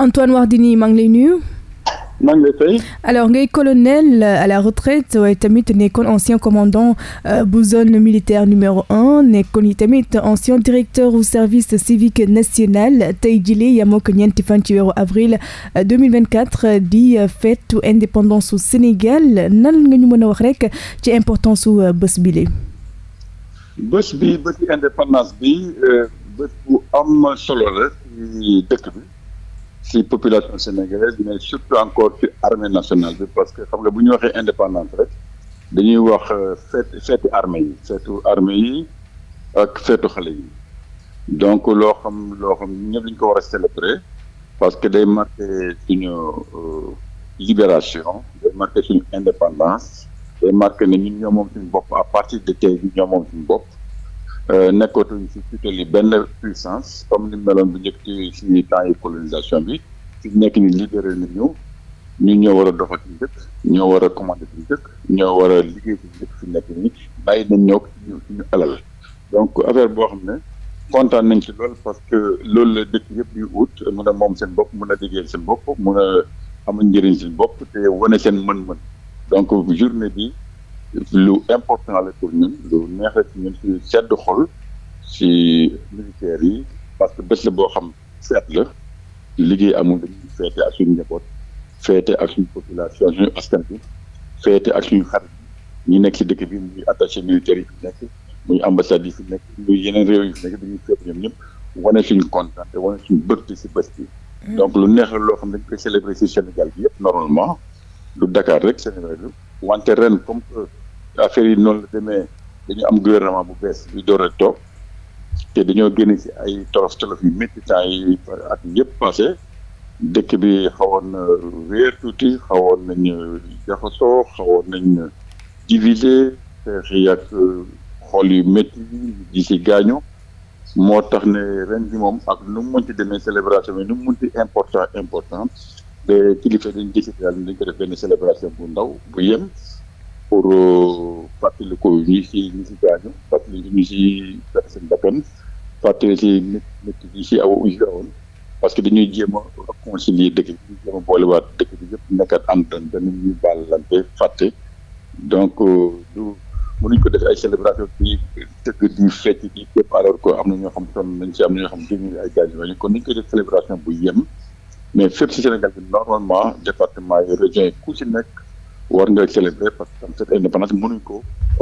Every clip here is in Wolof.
Antoine Wardini maa ngi lay nuyu. maa ngi lay fay. alors ngay colonel euh, à la retraite waaye tamit nekkoon ancien commandant euh, bu zone militaire numéro un nekkoon i tamit ancien directeur au service civique national tey jile yamoo ko ñeenti fan ci weeru avril 2024 euh, di fête indépendance su Sénégal nan nga ñu mën a wax rek ci importance su bés bi la. indépendance bi bés bu am solo ci population sénégalaise mais surtout encore ci armée nationale parce que xam nga bu ñu waxee indépendance rek dañuy wax feet euh, feetu armée yi feetu armée yi ak xale yi donc loo xam loo xam ñëpp dañu ko war a célébrer parce que day marqué suñu euh, libération day marqué suñu indépendance day marqué ne ñun ñoo moom suñu bopp à partir de tey bi ñoo moom bopp Euh, nekkatuñ ci tutelle benn puissance comme ni meloon bu njëkk ci ci temps yi colonisation bi fi nekk ni libéré na ñu ñu ñoo war a doxal ci ñoo war a commandé ci dëkk ñoo war liggéey ci dëkk fi nekk ni bàyyi nañ ñoo ñu ñu alal donc affaire boo xam ne kontaan nañ ci lool parce que loolu la dëkk yëpp yu ut mun a moom seen bopp mun a liggéeyal seen bopp mun a am njëriñ seen bopp te wane seen mën-mën donc journée bi lu important la pour ñun lu neex la ci ñun ci sedd xol ci militaires yi parce que bés la boo xam feet la liggéey amul dañuy feete ak suñu njaboot feete ak suñu population suñu askan bi feete ak suñu xarit ñi nekk ci dëkk bi muy attaché militaires yi fi nekk muy ambassade yi fi nekk muy yeneen réew yi fi nekk dañuy feet ñoom ñëpp wane suñu kontaan te wane suñu bëgg ci bés bi mm. donc lu neex loo xam dañ koy célébrer ci Sénégal yëpp normalement lu Dakar rek Sénégal wante ren comme affaire yi noonu la demee dañu am gouvernement bu bees bi door a toog te dañoo génne ci ay tolof tolof yu métti temps yi at yëpp passé dëkk bi xawoon na wéer tuuti xawoon nañ jaxasoo xawoon nañ divisé xeex yi ak xool yu métti di ci gaaño moo tax ne ren bi moom ak nu mu munti demee célébration bi nu mu munti important important te kilifa dañ décidé daal dañ ko def benn célébration bu ndaw bu yem pour euh, fàttali ko ñi si ñi si gaañu fàttali ñu si perte seen bakkan fàttali si nit nit si aw usi parce que dañuy jéem a réconcilier dëkk bi dañuy jéem a boolewaat dëkk bi yëpp nekkat am doon dañu ñuy bàllante fàtte donc euh, du mënuñ ko def ay célébration bi tëgg di fecc di képp am na xam ton kon nañ koy def célébration bu yem mais fépp si Sénégal bi normalement département yi région yi ku si nekk war nga célébrer parce que cette indépendance mënuñ ko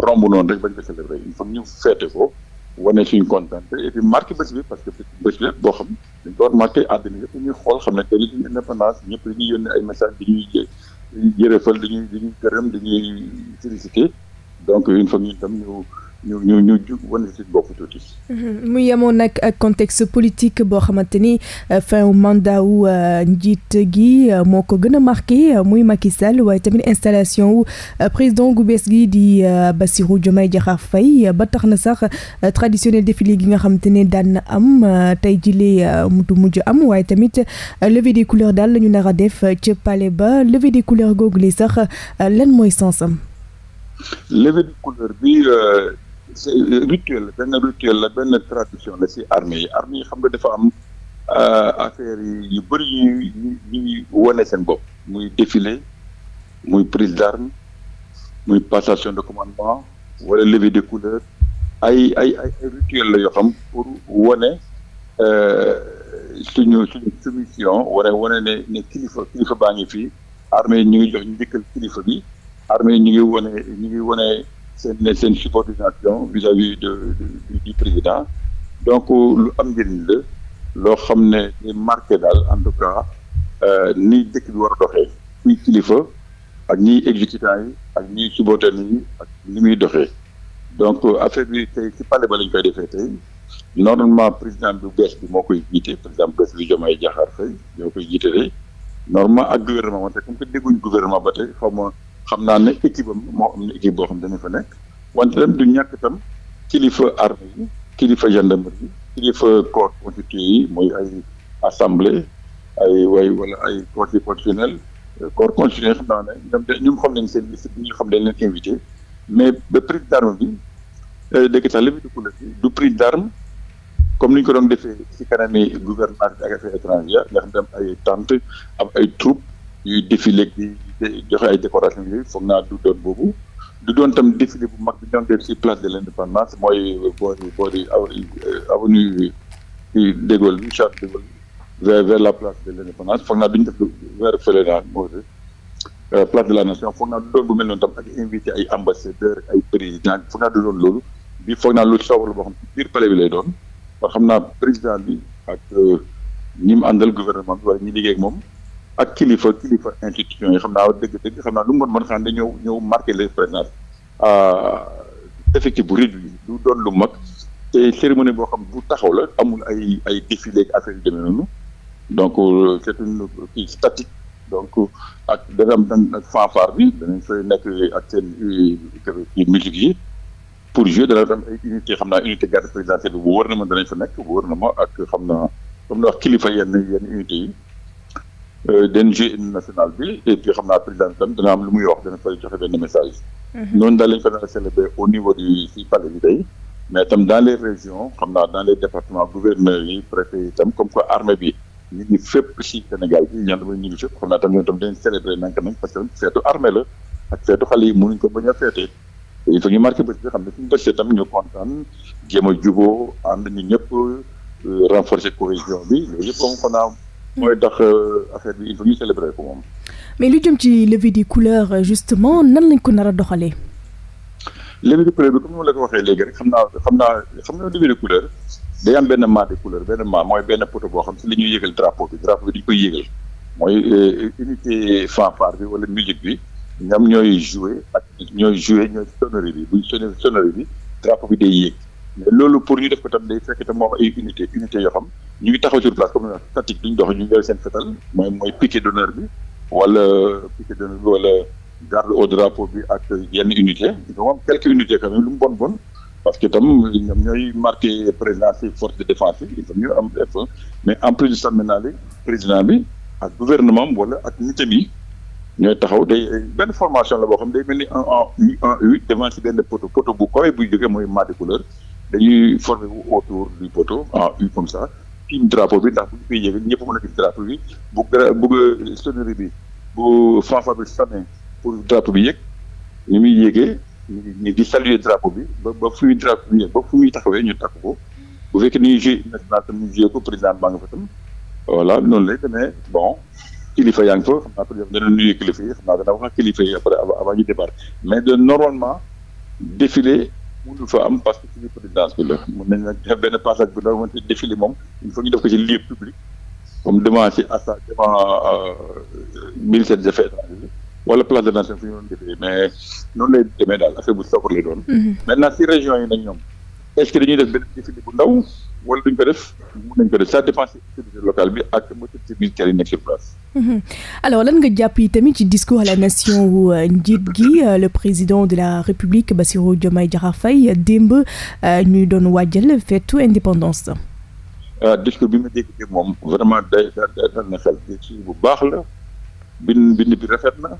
romb noonu rek bañ ko célébrer il faut ñu feete ko wane suñu kontaan et puis marqué bi parce que bés bi boo xam dañ ko war marqué àddina yëpp ñuy xool xam ne tey li suñu indépendance ñëpp dañuy yónnee ay message di jërëfal di ñuy di ñuy gërëm di ñuy félicité donc il faut ñu tam ñu ñu ñu mhm. mu yemoon nag ak contexte politique boo xamante ni euh, fin wu mandat wu euh, njiit gi euh, moo ko gën a marqué muy Macky Sall waaye tamit installation wu président gu bees gi di Bassirou Diomaye Diakhar fay ba tax na sax traditionnel défilé gi nga xamante ne daan na am tey jilee du mujj am waaye tamit levée des couleurs daal la ñu nar a def ca palais ba levée des googu li sax lan mooy sens rituel la benn rituel la benn tradition la si armée yi armée yi xam nga dafa am euh, affaire yi yu bëri yu ñuy wane seen bopp muy défilé muy prise d'armes muy passation de commandement wala levée de couleur ay ay ay rituel la yoo xam pour wane euh, suñu suñu soumission wala wane ne ne kilifa kilifa baa ngi fii armée yi ñu ngi jox ñu njëkkal kilifa bi armée yi ñu ngi wone ñu ngi wane seen seen subordination vis-à-vis de du président donc euh, lu am njëriñ la loo xam ne di marqué daal en tout cas euh, ni dëkk bi war a ni kuy kilifa ak ñiy exécutant yi ak ñiy subalterne yi ak ni muy doxee donc euh, affaire bi tey ci palais ba lañ koy defee tey normalement président bu bees bi moo koy jiite président bu bees bi Diomaye Diakhar Faye ñoo koy jiite tey normalement ak gouvernement ba tey comme que dégguñ gouvernement ba tey xaw ma xam naa ne équipe am moo am na équipe boo xam dana fa nekk wante tam du ñàkk itam kilifa armée yi kilifa gendarmerie yi kilifa corps constitué yi mooy ay assemblée ay way wala ay conseil constitutionnel corps constitutionnel xam naa ne ñoom de ñoom xam seen liste ñu xam dañ leen invité mais ba prix d'arme bi euh, dëgg tax li mu dugg la du prix d'arme comme ni ñu ko doon defee ci kanami gouvernement bi ak affaires étrangères nga xam ay tant am ay troupe yuy défilé di joxe ay décoration yooyu foog naa du doon boobu du doon tam défilé bu mag bi doon def ci place de l'indépendance mooy boori boori euh, avenue de Gaulle bi Charles de Gaulle vers vers la place de l'indépendance foog naa def vers fële naa mooy euh, place de la nation foog naa du doon bu mel noonu tam ak invité ay ambassadeurs ay président foog naa du doon loolu bi foog naa lu soobal boo xam ci biir palais bi lay doon ba xam naa président bi ak euh, ñi mu àndal gouvernement bi wala ñi liggéey moom ak kilifa kilifa institution yi xam naa dëgg-dëgg xam naa lu mu mën mën xam ne ñëw ñëw marqué leur présence euh, effectif bu réduit du doon lu mag te cérémonie boo xam bu taxaw la amul ay ay défilé ak affaire yu demee noonu donc euh, c'est une kii statique donc euh, ak dana am dana fanfare bi danañ fay nekk ak seen kii musique yi pour jouer dana am ay unité xam naa unité garde présidentielle bu wóor na ma danañ fa nekk bu wóor na ma ak xam naa comme na wax kilifa yenn yenn unité den joué hymne national bi et puis xam naa président tam am lu muy wax dana fa joxe benn message. Mhm. noonu daal lañ ko daan célébrer au niveau du si palais bi day mais tam dans les régions xam naa dans les départements gouverneurs yi préfet yi tam comme quoi armée bi ñu ngi fépp si Sénégal bi ñaan damay ñu ngi fépp xam naa tam ñoom tam dañ célébrer nank nañ parce que feetu armée la ak feetu xale yi mënuñ ko bañ a feetee il ñu marqué bés bi ne suñu a juboo ànd ñu ñëpp euh, renforcer cohésion bi mooy tax euh, affaire bi il faut ñu célébrer ko moom. mais lu jëm ci levée des couleurs justement nan lañ ko nar a doxalee. levée des couleurs bi comme ni la ko waxee léegi rek xam naa xam naa xam naa levée des couleurs day am benn mat des couleurs benn mat mooy benn poto boo xam si li ñuy yëgal drapeau bi drapeau bi dañu koy yëgal mooy euh, unité fanfare bi wala musique bi ñoom ñooy jouer ak ñooy jouer ñooy sonnerie bi buñ sonné sonnerie bi drapeau bi day yéeg loolu pour ñu def ko tam day fekk moo ay unité ñu ngi taxaw sur place comme na Fatick duñ dox ñu ngi seen fetal mooy mooy piquet d'honneur bi wala piquet d'honneur bi wala garde au drapeau bi ak yenn unité donc am quelques unités lu mu bon bon parce que tam ñoom ñooy marqué présidence yi force de défense yi itam mais en plus de ça président bi ak gouvernement am wala ak unité bi ñooy taxaw day benn formation la boo xam day mel ni en un huit devant si benn poteau poteau bu kawe buy jógee mooy mat de couleur dañuy former wu autour du poteau en U comme ça tiim drapeau bi ndax bu ñu koy yëgal ñëpp mën a gis drapeau bi bu gra bu sonnerie bi bu fanfare bi sonné pour drapeau bi yëg ñu muy yëgee ñu di saluer drapeau bi ba ba fu muy drapeau bi yëg ba fu muy taxawee ñu takk ko bu fekkee ni jeu national tam ñu joué ko président baa nga fa tam voilà noonu lay demee bon kilifa yaa ngi fa xam naa peut être dana nuyu kilifa yi xam naa dana wax ak kilifa yi après avant ñu départ mais de normalement défilé mënul fa am parce que suñu présidence bi la mën nañ nag def benn passage bu ndaw wante défilé moom il ñu def ko ci lieu public comme devant ci asa devant euh, ministère des affaires étrangères wala place de nation fu ñu doon defee mais noonu lay demee daal affaire bu soxla lay doon mhm. maintenant si région yi nag ñoom est-ce que def benn défilé bu ndaw wala duñ ko def mun nañ ko def ça dépend collectivité bi ak autorité militaire yi nekk place. Mhm. alors lan nga jàpp yi tamit ci discours à la nation wu euh, njiit gi euh, le président de la république Bassirou Diomaye Diakhar démb euh, ñu doon waajal feetu indépendance. ah discours bi ma dégg moom vraiment day dal na xel bu baax la bind bind bi rafet na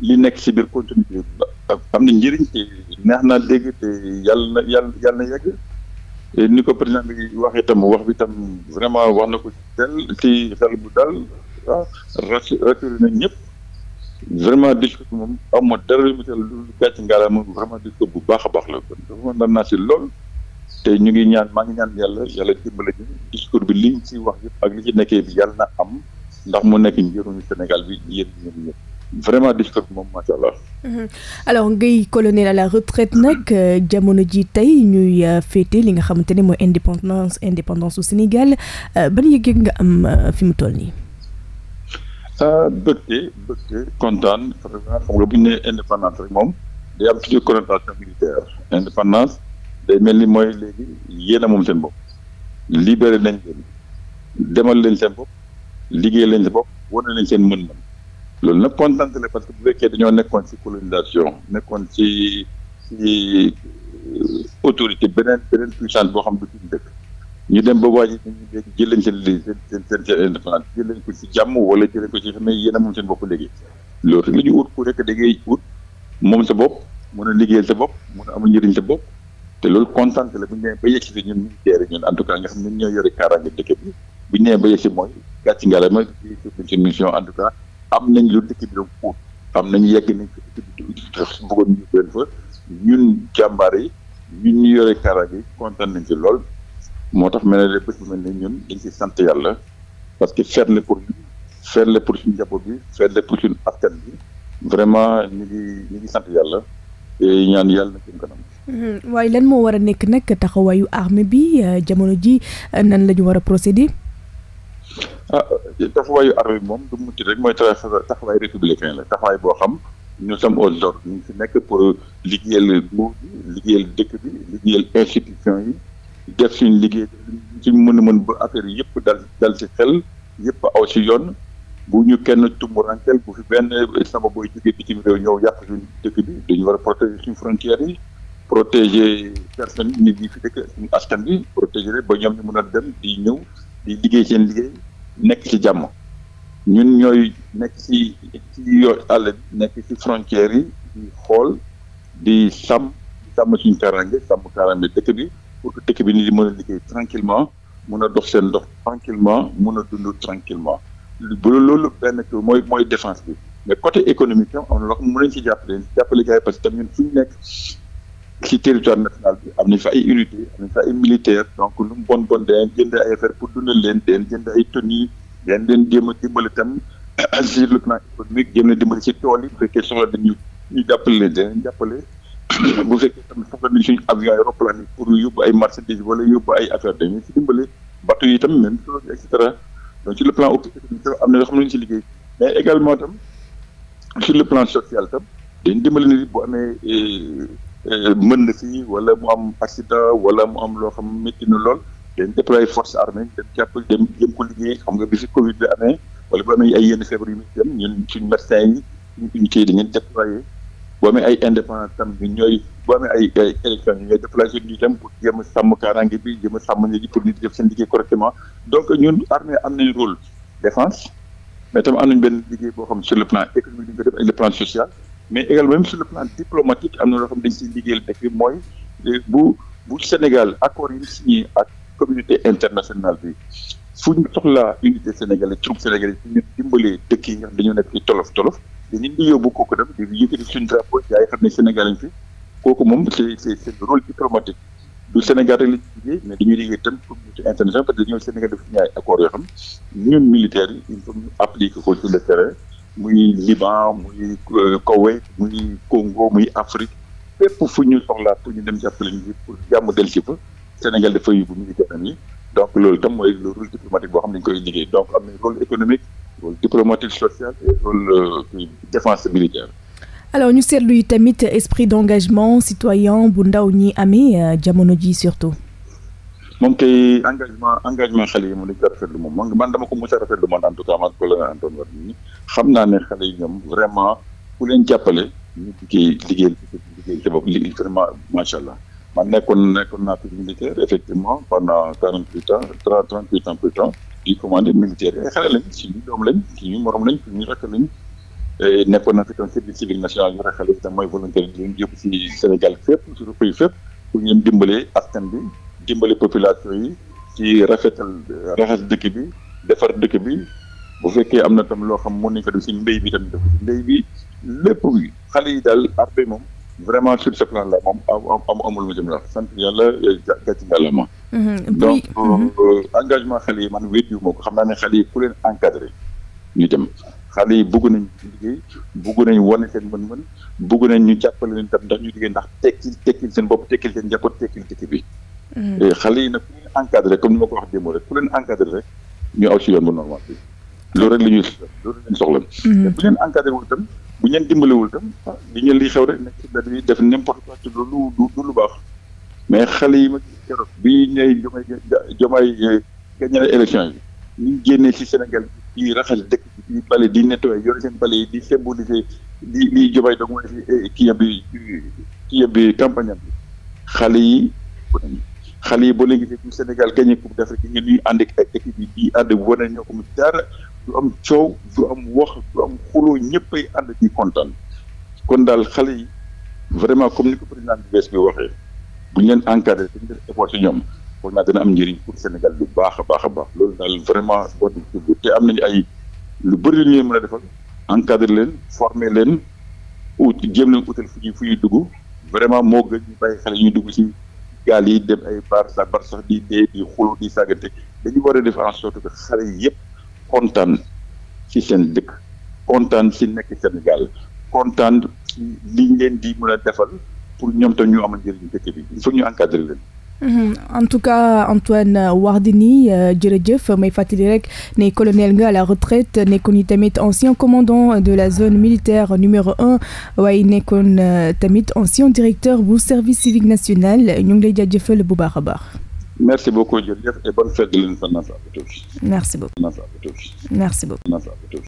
li nekk si biir continuité am na njëriñ te neex naa dégg te yàlla na yàlla na yàgg. ni ko président bi wax tam wax bi tam vraiment wax na ko ci tel ci xel bu dal ah rassuré nañ ñëpp vraiment discours bi moom am ma dara lu tel lu gàcc ngaala moom vraiment discours bu baax a baax la kon dafa mën naa si lool te ñu ngi ñaan maa ngi ñaan yàlla yàlla dimbale ñu discours bi liñ ci wax yëpp ak li ci nekkee bi yàlla na am ndax mu nekk njëriñu Sénégal bi yéen ñëpp. vraiment difficile moom macha allah. Mhm. alors Guèye colonel à la retraite nag euh, jamono ji tey ñuy euh, féete li nga xamante ne mooy indépendance indépendance au Sénégal euh, ban yëg-yëg nga am fi mu toll nii. ah bëgte bëgte xam nga bu ñu indépendance rek moom day am toujours connotation militaire indépendance day mel ni mooy léegi yéen a moom seen bopp libéré nañ leen demal leen seen bopp liggéey leen seen bopp wane leen seen mën-mën. loolu nag kontante la parce que bu fekkee dañoo nekkoon ci colonisation nekkoon ci ci euh, autorité beneen beneen puissance boo xam du suñu dëkk ñu dem ba waa ji dañuy dégg jëlee jàmm wala jëlee ko ci xam ne yéen moom seen bopp léegi loolu rek la ñu ut ku rek da ut moom sa bopp mën a liggéeyal sa bopp mën a amul njëriñ sa bopp te loolu kontaan la bu ñu nee ba yegg si ñun militaire ñun en tout cas nga xam ne ñoo yore kaaraange dëkk bi bu ñu nee ba yegg si mooy gàcce ngelaw ma ci suñu mission en tout am nañ lu dëkk bi ut am nañ yegg nañ ko dëkk bi di ñu leen fa ñun jàmbaar yi ñun yore kaaraange yi kontaan nañ ci lool moo tax mel ne la bés bu mel ne ñun dañ ci sant yàlla parce que feet la pour ñun feet la pour suñu njaboot bi feet la pour suñu askan bi vraiment ñu ngi sant yàlla ñaan yàlla na jëm kanam waaye lan moo war a nekk nag taxawaayu armée bi euh, jamono ji euh, nan la ñu war a procéder ah taxawaayu armée bi moom du mu rek mooy taxawaay républicain la taxawaay boo xam nous sam aux ordres ñu ngi fi nekk pour liggéeyal nguur bi liggéeyal dëkk bi liggéeyal institution yi def suñu liggéey suñu mën a mën ba affaire yëpp dal dal ci xel yëpp aw ci yoon bu ñu kenn tumurankeel bu fi benn sama booy jógee bitim réew ñëw yàq suñu dëkk bi dañu war a protéger suñu frontières yi protéger personne nit yi fi dëkk suñu askan bi protéger ba ñoom ñu mën a dem di ñëw di liggéey seen liggéey nekk ci jàmm ñun ñooy nekk ci ci yoo àll nekk ci frontières yi di xool di sam di sàmm suñu kaaraange sàmm kaaraange dëkk bi pour que dëkk bi ni di mën a liggéey tranquillement mun a dox seen dox tranquillement mun a dund tranquillement bu loolu benn kii mooy mooy défense bi mais côté économique am na loo xam ne ci jàppale jàppale gars yi parce que tam ñun fu ñu nekk ci territoire national bi am ñu fa ay unité am nañ fa ay militaire donc lu mu bon bon danañ jënd ay affaire pour dundal leen danañ jënde ay tenue danañ leen jéem a dimbali itam sur le plan économique jéem a dimbali ci tool yi bu fekkee soxla dañu ñu jàppale leen danañ jàppale bu fekkee tam soxla nañ suñu avion aéroplane yi pour yóbbu ay marchandise wala yóbbu ay affaire dañu ci dimbali bateau yi tam même chose et cetera sur le plan économique am na yoo xam ne ñu si liggéey mais également tam sur le plan social tam dañ dimbali nit bu amee euh, Euh, mën na fii wala mu am accident wala mu am loo xam métti na lool dañ déployer force armée dem jàpp dem jëm ko liggéey xam nga bi fi Covid bi amee wala bu amee ay yenn feebar yu métti dem ñun suñu médecin yi boo amee ay indépendance tam ñun ñooy boo amee ay ay élection ñu ñooy déployer suñu unité tam pour jéem sàmm kaaraange bi jéem a sàmm nit ñi pour nit def seen liggéey correctement donc ñun armée am nañ rôle défense mais tam am nañ benn liggéey boo xam sur le plan économique dañ ko def ak le plan social mais également même sur le plan diplomatique am na loo dañ siy liggéeyal dëkk bi mooy euh, bu bu Sénégal accord yi signé ak communauté internationale bi fu ñu soxlaa unité sénégalaise troupe sénégalaise ñu dimbalee dëkk yi nga xam dañoo nekk yi tolof tolof dañu di yóbbu kooku dem di yëkkati suñu drapeau yaay xam ne Sénégal lañ fi kooku Sénégal rek la ci liggéey mais dañuy liggéey tam communauté internationale parce que dañoo Sénégal def ñaari accord yoo xam ñun militaires yi il ñu appliquer ko sur le terrain muy Liban muy euh, Kowe muy Congo muy Afrique fépp fu ñu soxlaa pour ñu dem jàppale ñu pour jàmm del ci fa Sénégal dafa yóbbu militaire yi donc loolu tam mooy le rôle diplomatique boo xam ne dañu koy liggéey donc am na rôle économique rôle diplomatique social et rôle euh, défense militaire. alors ñu seetlu yi tamit esprit d'engagement citoyen bu ndaw ñi amee euh, jamono ji surtout. moom kay engagement engagement xale yi moom dañ ko rafetlu moom man dama ko mos a rafetlu man en tout cas man colonel Antoine Wardini xam naa ne xale yi ñoom vraiment ku leen jàppale ñu liggéey liggéey liggéey sa bopp liggéey vraiment allah man nekkoon nekkoon naa fi militaire effectivement pendant quarante huit ans trente huit ans plus tard di commandé militaire yi ay xale lañ si ñu doom lañ si ñu morom lañ si ñu rakk lañ nekkoon naa fi tam service civique national ñu rakkale itam mooy volontaire yi ñu yëpp si Sénégal fépp dimbalee askan bi dimbali population yi ci rafetal raxas dëkk bi defar dëkk bi bu fekkee am na tam loo xam mën nañ ko def si mbéy bi tamit def bi lépp bi xale yi daal arbe moom vraiment sur ce plan là moom am amul ma jëm la sant yàlla gàcc yàlla ma mhm. donc euh, mhm. euh, engagement xale yi man wéet yu moo ko xam naa ne xale yi ku leen encadré ñu dem xale yi bugg nañ liggéey bugg nañ wane seen mën-mën bugg nañ ñu jàppale leen tam ndax ñu liggéey ndax tekkil tekkil seen bopp tekkil seen njaboot tekkil dëkk bi Mm-hmm. Eh, xale yi nag ku leen encadré comme ni ma ko wax démb rek ku leen encadré rek ñu aw ci yoon bu normal bi loolu rek la ñuy loolu leen soxla. Mm-hmm. bu leen encadré wul itam bu ñeen dimbalewul itam li ñu li xew rek nekk ci benn bi def n'importe quoi te loolu du du lu baax mais xale yi ma gis keroog bi ñooy jomay jomay eh, gañale élection yi. ñu génnee ci Sénégal di raxas dëkk di bale di nettoyer yore seen bale yi di symboliser di di jomay dog mooy eh, kii yam bi kii yam bi campagne am bi xale yi xale yi boo leen gisee fii Sénégal gagné coupe d'Afrique ñun ñuy ànd ak équipe yi di ànd bu wane ñoo ko mu am coow du am wax du am xuloo ñëppay ànd di kontaan kon daal xale yi vraiment comme ni ko président bu bees bi waxee bu ñu leen encadré dañu def effort ci ñoom foog naa dana am njëriñ pour Sénégal lu baax a baax a baax loolu daal vraiment sport te am ñu ay lu bari lu ñuy mën a defal encadré leen former leen ut jéem leen utal fu ñuy dugg vraiment moo gën ñu xale yi ñuy dugg ci. gaal yi dem ay bar sa bar sax di dee di xulu di sàggante dañu war a def en sorte que xale yëpp kontaan ci seen dëkk kontaan ci nekk Sénégal kontaan ci liñ leen di mën a defal pour ñoom tam ñu am njëriñ dëkk bi il faut ñu encadrer leen Mhm. en tout cas Antoine euh, Wardini euh, jërëjëf may fàttali rek ne colonel nga à la retraite nekkoon tamit ancien commandant de la zone militaire numéro un waaye nekkoon euh, tamit ancien directeur bu service civique national ñu ngi lay jaajëfal bu baax a baax. merci beaucoup jërëjëf et bonne fête de l'indépendance à tous. merci beaucoup merci beaucoup.